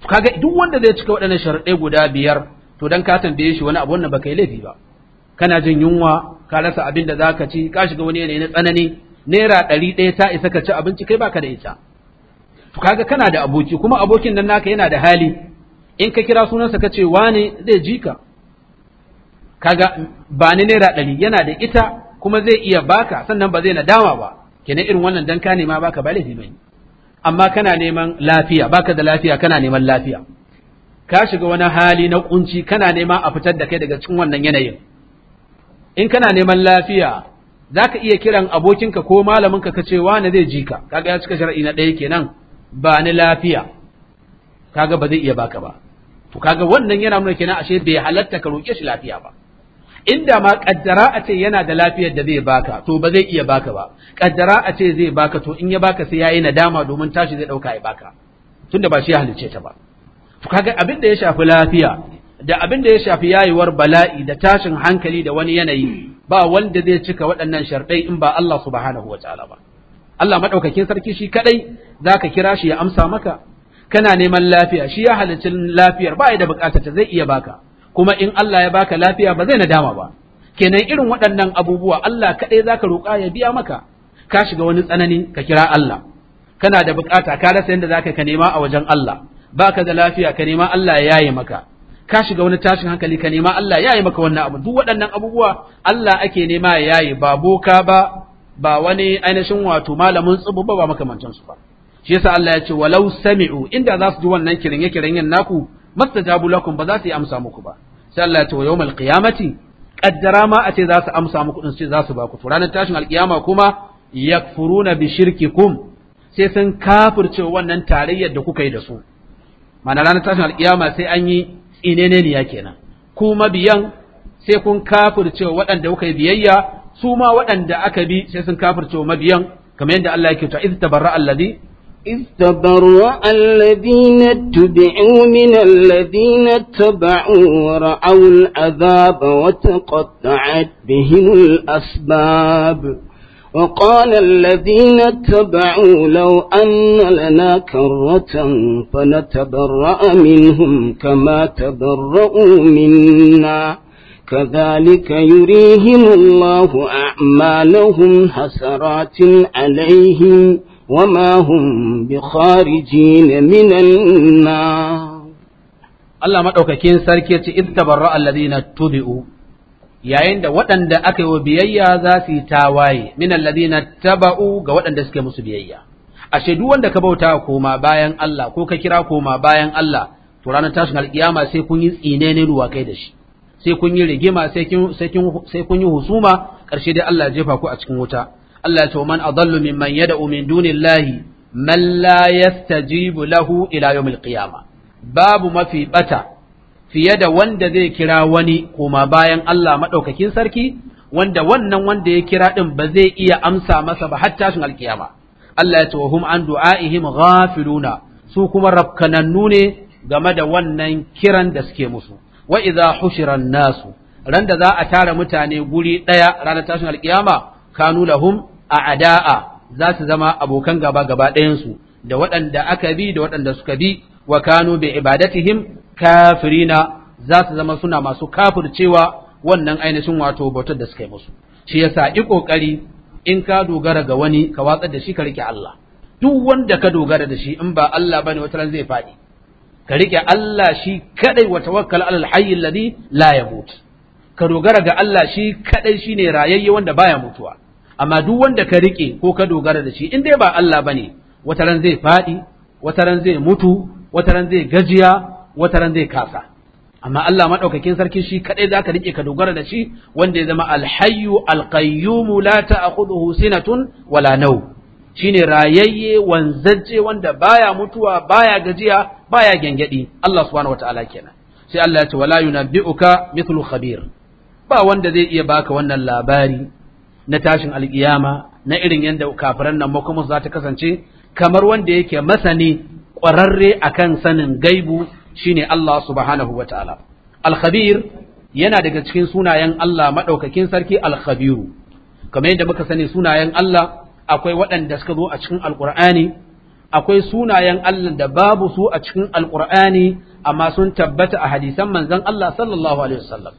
to kaga duk wanda zai cika waɗannan sharaɗai guda biyar to dan ka tambaye shi wani abu wannan baka yi laifi ba kana jin yunwa ka rasa abin da zaka ci ka shiga wani yanayi na tsanani naira ɗari ɗaya ta isa ka ci abinci kai baka da ita to kaga kana da aboki kuma abokin nan naka yana da hali in ka kira sunansa ka ce wane zai ji ka kaga ba ni naira ɗari yana da ita kuma zai iya baka sannan ba zai nadama ba kenan irin wannan dan ka nema baka ba laifi bane amma kana neman lafiya baka da lafiya kana neman lafiya ka shiga wani hali na kunci kana nema a fitar da kai daga cikin wannan yanayin in kana neman lafiya za ka iya kiran abokinka ko malaminka ka ce wani zai ji ka kaga ya cika shar'i na ɗaya kenan ba ni lafiya kaga ba zai iya baka ba to kaga wannan yana nuna kenan ashe bai halatta ka roƙe shi lafiya ba inda ma kaddara a ce yana da lafiyar da zai baka to ba zai iya baka ba kaddara a ce zai baka to in ya baka sai yayi nadama domin tashi zai dauka ya baka tunda ba shi ya halice ta ba to kaga abin da ya shafi lafiya da abin da ya shafi yayuwar bala'i da tashin hankali da wani yanayi ba wanda zai cika waɗannan sharɗai in ba Allah subhanahu wataala ba Allah madaukakin sarki shi kadai zaka kira shi ya amsa maka kana neman lafiya shi ya halicci lafiyar ba da bukatar ta zai iya baka kuma in Allah ya baka lafiya ba zai nadama ba kenan irin waɗannan abubuwa Allah kaɗai zaka roƙa ya biya maka ka shiga wani tsanani ka kira Allah kana da bukata ka rasa yadda zaka ka nema a wajen Allah baka da lafiya ka nema Allah ya yaye maka ka shiga wani tashin hankali ka nema Allah ya yaye maka wannan abu duk waɗannan abubuwa Allah ake nema ya yaye ba boka ba ba wani ainihin wato malamin tsubu ba ba makamancin su ba shi yasa Allah ya ce walau sami'u inda za su ji wannan kiranye kiranyen naku mastajabu lakum ba za su yi amsa muku ba sai Allah ya ce wa yawmal qiyamati qaddara ma a ce za su amsa muku din sai za su ba ku ranar tashin alkiyama kuma yakfuruna bi shirkikum sai sun kafirce wannan tarayyar da kuka yi da su Mana ranar tashin alkiyama sai an yi ne ya kenan ku mabiyan sai kun kafirce waɗanda kuka yi biyayya su ma waɗanda aka bi sai sun kafirce mabiyan kamar yadda Allah yake cewa iz tabarra allazi إذ تبرأ الذين اتبعوا من الذين اتبعوا ورأوا العذاب وتقطعت بهم الأسباب وقال الذين اتبعوا لو أن لنا كرة فنتبرأ منهم كما تبرأوا منا كذلك يريهم الله أعمالهم حسرات عليهم وما هم بخارجين من النار Allah maɗaukakin sarki ce in tabarra alladhina tubi'u yayin da waɗanda aka yi wa biyayya za su yi tawaye min alladhina taba'u ga waɗanda suke musu biyayya ashe duk wanda ka bauta koma bayan Allah ko ka kira koma bayan Allah to ranar tashin alkiyama sai kun yi tsinene ruwa kai da shi sai kun yi rigima sai kun yi husuma ƙarshe dai Allah ya jefa ku a cikin wuta Allah ya ce man adallu mimman yad'u min dunillahi man la yastajibu lahu ila yawmil qiyama babu mafi bata fiye da wanda zai kira wani koma bayan Allah madaukakin sarki wanda wannan wanda ya kira din ba zai iya amsa masa ba har tashin alkiyama Allah ya ce hum an du'aihim ghafiluna su kuma rabkanannu ne game da wannan kiran da suke musu wa idza hushira nasu ran da za a tara mutane guri daya ranar tashin alkiyama kanu lahum a'da'a za su zama abokan gaba gaba ɗayansu da waɗanda aka bi da waɗanda suka bi wa kanu bi ibadatihim kafirina za su zama suna masu kafircewa wannan ainihin wato bautar da suka yi musu shi yasa i kokari in ka dogara ga wani ka watsar da shi ka rike Allah duk wanda ka dogara da shi in ba Allah bane wata ran zai faɗi ka rike Allah shi kadai wa tawakkal alal hayy alladhi la yamut ka dogara ga Allah shi kadai shine rayayye wanda baya mutuwa amma duk wanda ka rike ko ka dogara da shi in dai ba Allah bane wata ran zai faɗi wata ran zai mutu wata ran zai gajiya wata ran zai kasa amma Allah madaukakin sarki shi za zaka rike ka dogara da shi wanda ya zama alhayyu alqayyum la ta'khudhuhu sinatun wala naw shine rayayye wanzajje wanda baya mutuwa baya gajiya baya gengedi Allah subhanahu wataala kenan sai Allah ya ce wala yunabbi'uka mithlu khabir ba wanda zai iya baka wannan labari na tashin alkiyama na irin yadda kafiran nan makomus za ta kasance kamar wanda yake masani ƙwararre akan sanin gaibu shine Allah subhanahu wa ta'ala al yana daga cikin sunayen Allah maɗaukakin sarki Alkhabiru. kamar yadda muka sani sunayen Allah akwai waɗanda suka zo a cikin alkur'ani akwai sunayen Allah da babu su a cikin Alƙur'ani, amma sun tabbata a hadisan manzon Allah sallallahu alaihi wasallam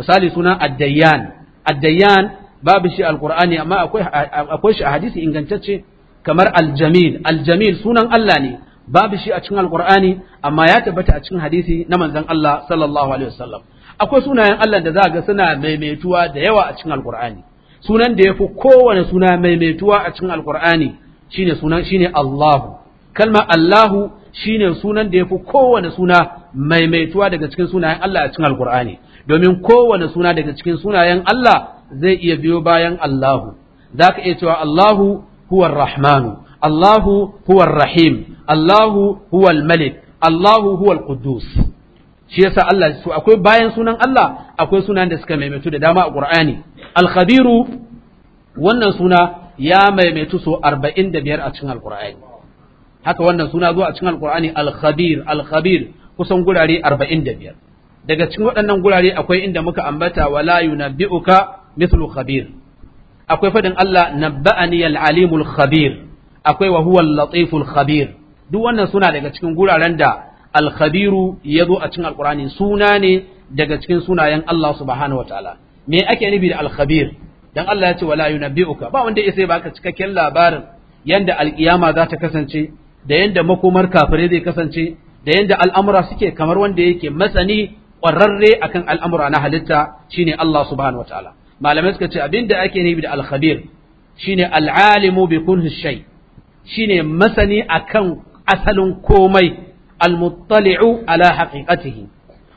misali sunan addayyan addayyan babu shi alqur'ani amma akwai shi a hadisi ingantacce kamar aljamil aljamil sunan Allah ne babu shi a cikin alqur'ani amma ya tabbata a cikin hadisi na manzon Allah sallallahu alaihi wasallam akwai sunayen Allah da za ga suna maimaituwa da yawa a cikin alqur'ani sunan da yafi kowane suna maimaituwa a cikin alqur'ani shine sunan shine Allahu kalma Allahu shine sunan da yafi kowane suna maimaituwa daga cikin sunayen Allah a cikin alqur'ani domin kowane suna daga cikin sunayen Allah zai iya biyo bayan Allahu za ka iya cewa Allahu huwar rahmanu Allahu huwar rahim Allahu huwal malik Allahu huwal qudus shi yasa Allah su akwai bayan sunan Allah akwai sunan da suka maimaitu da dama a Qur'ani al-khabiru wannan suna ya maimaitu so 45 a cikin al-Qur'ani haka wannan suna zuwa a cikin al-Qur'ani al-khabir al-khabir kusan gurare 45 daga cikin waɗannan gurare akwai inda muka ambata wala yunabbi'uka mithlu khabir akwai fadin Allah nabba'ani al-alimul khabir akwai wa huwa al-latiful khabir duk wannan suna daga cikin guraren da al-khabiru yazo a cikin alqur'ani suna ne daga cikin sunayen Allah subhanahu wataala me ake nufi da al-khabir dan Allah ya ce wala yunabbi'uka ba wanda ya sai baka cikakken labarin yanda alkiyama za ta kasance da yanda makomar kafirai zai kasance da yanda al'amura suke kamar wanda yake masani ƙwararre akan al'amura na halitta shine Allah subhanahu wataala malamai suka ce abinda ake nufi da Alkhabir, shine al'alimu bi kulli shay shine masani akan asalin komai al-muttali'u ala haqiqatihi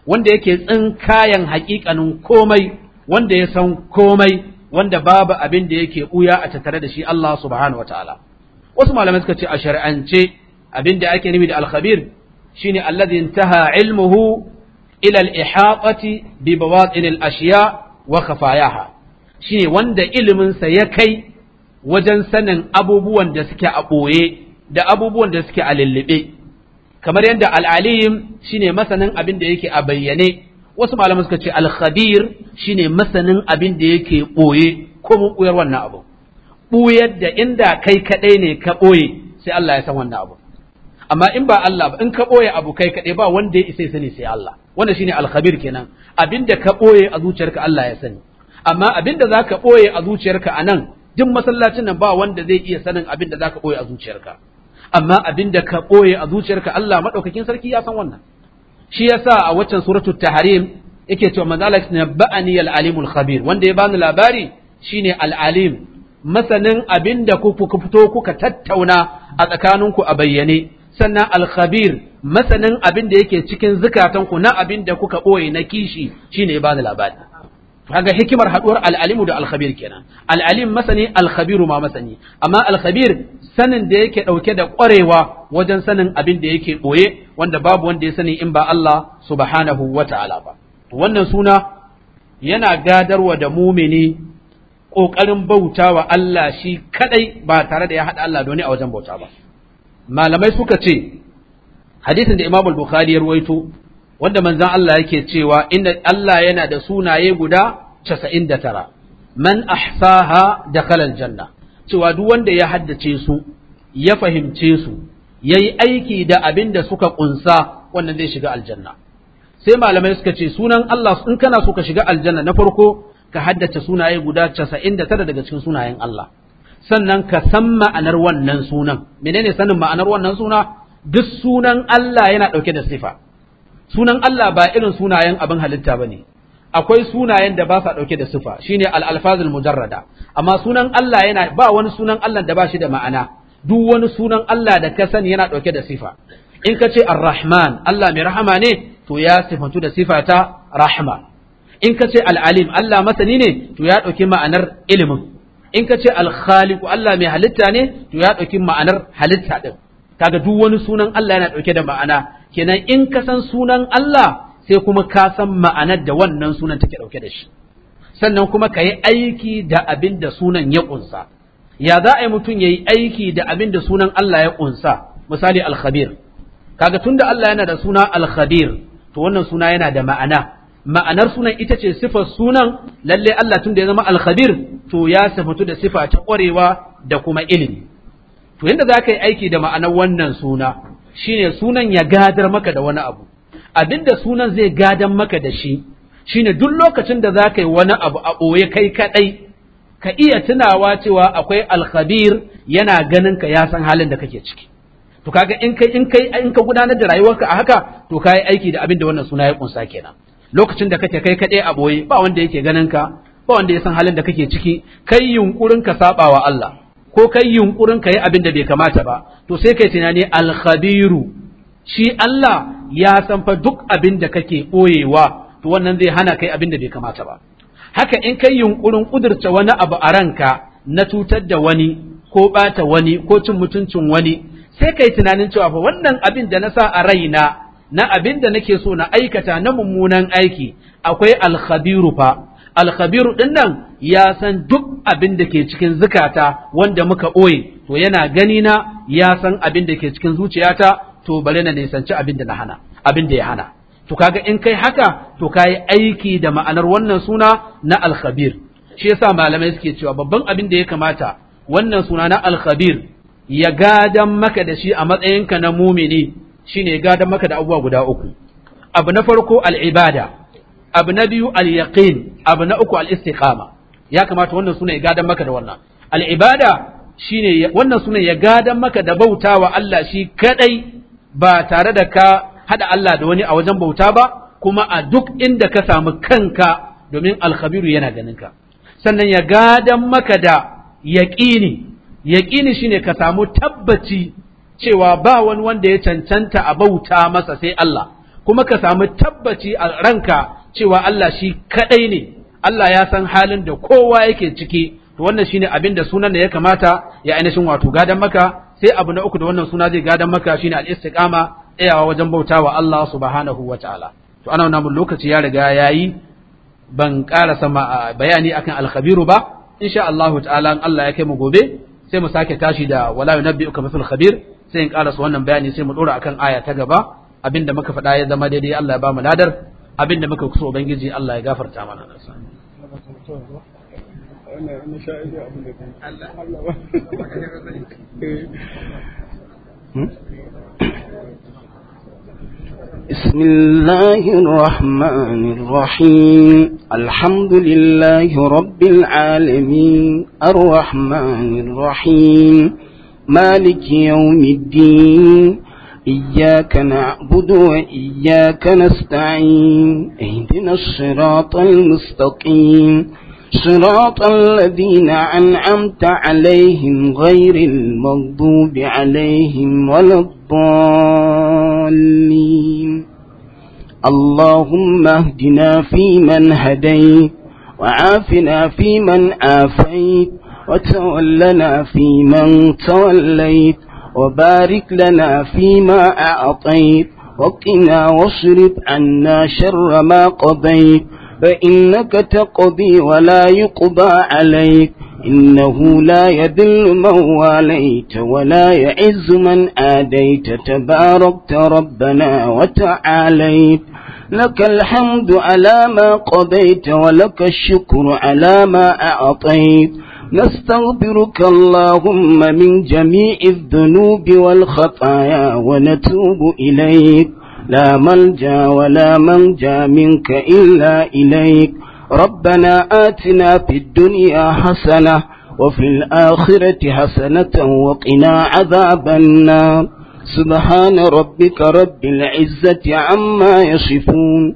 wanda yake tsinkayan haƙiƙanin komai wanda ya san komai wanda babu abin da yake ɓuya a tattare da shi Allah subhanahu wataala wasu malamai suka ce a shar'ance abin da ake nufi da Alkhabir, khabir shine alladhi intaha ilmuhu ila al-ihatati bi bawatin al-ashiya' wa khafayaha shine wanda iliminsa ya kai wajen sanin abubuwan da suke a ɓoye da abubuwan da suke a lullube kamar yadda al'alim shine masanin abin da yake a bayyane wasu malamu suka ce al-khabir shine masanin abin da yake ɓoye ko mun ɓuyar wannan abu ɓuyar da inda kai kaɗai ne ka ɓoye sai Allah ya san wannan abu amma in ba Allah ba in ka ɓoye abu kai kaɗai ba wanda ya isa sani sai Allah wanda shine alkhabir kenan abinda ka boye a zuciyarka Allah ya sani amma abinda zaka boye a zuciyarka anan duk masallacin nan ba wanda zai iya sanin abinda zaka boye a zuciyarka amma abinda ka boye a zuciyarka Allah madaukakin sarki ya san wannan shi yasa a waccan suratul tahrim yake cewa manzo na ba'ani al-alimul khabir wanda ya bani labari shine al'alim masanin abinda ku fito kuka tattauna a tsakaninku a bayyane sannan alkhabir masanin abin da yake cikin zukatanku na abin da kuka ɓoye na kishi shine ba da labari kaga hikimar haɗuwar al'alimu da alkhabir kenan al'alim masani alkhabiru ma masani amma alkhabir sanin da yake ɗauke da ƙwarewa wajen sanin abin da yake ɓoye wanda babu wanda ya sani in ba Allah subhanahu wa ta'ala ba wannan suna yana gadarwa da mumini ƙoƙarin bauta wa Allah shi kaɗai ba tare da ya haɗa Allah da wani a wajen bauta ba malamai suka ce hadisin da Imam al-Bukhari ya ruwaito wanda manzon Allah yake cewa inda Allah yana da sunaye guda 99 man ahsaha dakhala al-janna cewa duk wanda ya haddace su ya fahimce su yayi aiki da abin da suka kunsa wannan zai shiga aljanna sai malamai suka ce sunan Allah in kana so ka shiga aljanna na farko ka haddace sunaye guda 99 daga cikin sunayen Allah sannan ka san ma'anar wannan sunan menene sanin ma'anar wannan suna duk sunan Allah yana ɗauke da sifa sunan Allah ba irin sunayen abin halitta ba ne akwai sunayen da ba sa ɗauke da sifa shine al-alfazul mujarrada amma sunan Allah yana ba wani sunan Allah da ba shi da ma'ana duk wani sunan Allah da ka sani yana ɗauke da sifa in ka ce ar-rahman Allah mai rahama ne to ya sifantu da sifa ta rahma in ka ce al-alim Allah masani ne to ya ɗauki ma'anar ilimin in ka ce alkhaliku Allah mai halitta ne to ya ɗauki ma'anar halitta ɗin kaga duk wani sunan Allah yana ɗauke da ma'ana kenan in ka san sunan Allah sai kuma ka san ma'anar da wannan sunan take ɗauke da shi sannan kuma ka yi aiki da abin da sunan ya ƙunsa ya za a yi mutum ya yi aiki da abin da sunan Allah ya ƙunsa misali alkhabir kaga tunda Allah yana da suna alkhabir to wannan suna yana da ma'ana ma'anar sunan ita ce sifar sunan lalle Allah tun da ya zama alkhabir to ya sifatu da sifa ta ƙwarewa da kuma ilimi to yadda za ka yi aiki da ma'anar wannan suna shine sunan ya gadar maka da wani abu abinda sunan zai gadar maka da shi shine duk lokacin da za ka yi wani abu a ɓoye kai kaɗai ka iya tunawa cewa akwai alkhabir yana ganin ka ya san halin da kake ciki to kaga in in ka gudanar da rayuwarka a haka to kai aiki da abin da wannan suna ya kunsa kenan lokacin da kake kai kaɗai a ɓoye ba wanda yake ganin ka ba wanda ya san halin da kake ciki kai yunkurin ka saba wa Allah ko kai yunkurin ka yi abin da bai kamata ba to sai kai tunani alkhabiru shi Allah ya san fa duk abin da kake ɓoyewa to wannan zai hana kai abin da bai kamata ba haka in kai yunkurin kudurta wani abu a ranka na cutar da wani ko bata wani ko cin mutuncin wani sai kai tunanin cewa fa wannan abin da na sa a raina na abin da nake so na aikata na mummunan aiki akwai alkhabiru fa alkhabiru din nan ya san duk abin da ke cikin zukata wanda muka ɓoye to yana gani na ya san abin da ke cikin zuciyata to bari na nisanci abin da na hana abin da ya hana to kaga in kai haka to kayi aiki da ma'anar wannan suna na alkhabir shi yasa malamai suke cewa babban abin da ya kamata wannan suna na alkhabir ya gadan maka da shi a matsayinka na mumini shine ya gadan maka da abubuwa guda uku abu na farko al'ibada abu na biyu al abu na uku al ya kamata wannan sunan ya gadan maka da wannan al'ibada ne wannan sunan ya gadan maka da wa Allah shi kadai ba tare da ka haɗa Allah da wani a wajen bauta ba kuma a duk inda ka samu kanka domin alkhabiru yana ganin ka sannan ya gada maka da yaƙini yaƙini shine ka samu tabbaci cewa ba wani wanda ya cancanta a bauta masa sai Allah kuma ka samu tabbaci a ranka cewa Allah shi kadai ne Allah ya san halin da kowa yake ciki to wannan shine abin da sunan da ya kamata ya ainihin wato gadan maka sai abu na uku da wannan suna zai gadan maka shine al-istiqama tsayawa wajen bautawa Allah subhanahu ta'ala. to ana namun lokaci ya riga yayi ban ƙara a bayani akan Alkabiru ba insha Allah ta'ala Allah ya kai mu gobe sai mu sake tashi da wala yunabbi'uka mithl khabir sai in karasa wannan bayani sai mu dora akan aya ta gaba abinda muka faɗa ya zama daidai Allah ya ba mu ladar abinda muka kusa ubangiji Allah ya gafarta mana بسم الله الرحمن الرحيم الحمد لله رب العالمين الرحمن الرحيم مالك يوم الدين إياك نعبد وإياك نستعين اهدنا الصراط المستقيم صراط الذين أنعمت عليهم غير المغضوب عليهم ولا الضالين اللهم اهدنا فيمن هديت وعافنا فيمن آفيت وتولنا فيمن توليت وبارك لنا فيما أعطيت وقنا واصرف عنا شر ما قضيت فإنك تقضي ولا يقضى عليك إنه لا يذل من واليت ولا يعز من آديت تباركت ربنا وتعاليت لك الحمد على ما قضيت ولك الشكر على ما أعطيت نستغفرك اللهم من جميع الذنوب والخطايا ونتوب إليك لا ملجا ولا منجا منك إلا إليك ربنا آتنا في الدنيا حسنة وفي الآخرة حسنة وقنا عذاب النار سبحان ربك رب العزة عما يصفون